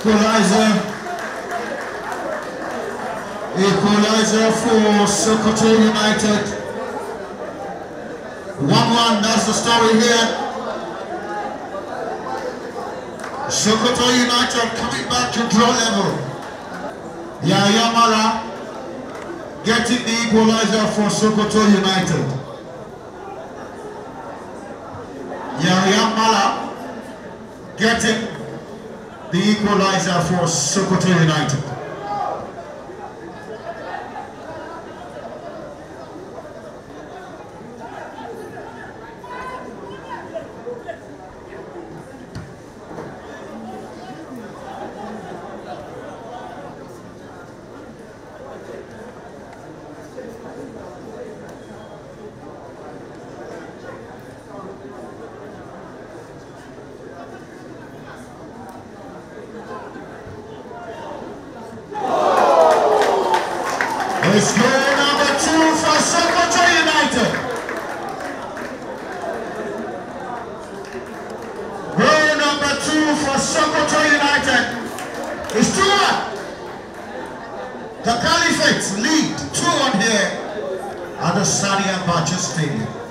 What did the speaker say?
Equaliser. Equaliser for Sokoto United. 1-1, that's the story here. Sokoto United coming back to draw level. Yaya Mala getting the equalizer for Sokoto United. Yaya Mala getting the equaliser for Sokoto United. It's goal number two for Secretary United. Goal number two for Secretary United. It's The Caliphates lead 2 on here at the Sadia